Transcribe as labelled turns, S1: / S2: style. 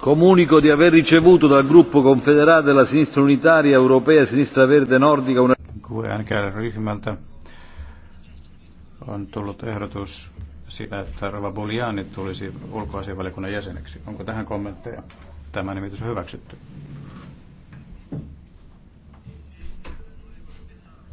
S1: comunico di aver ricevuto dal gruppo confederale della sinistra unitaria europea e sinistra verde nordica una ryhmältä
S2: on tullut ehdotus siitä, että Rova Buliani tulisi ulkoasianvaliokunnan jäseneksi. Onko tähän kommentteja? Tämä nimitys on hyväksytty.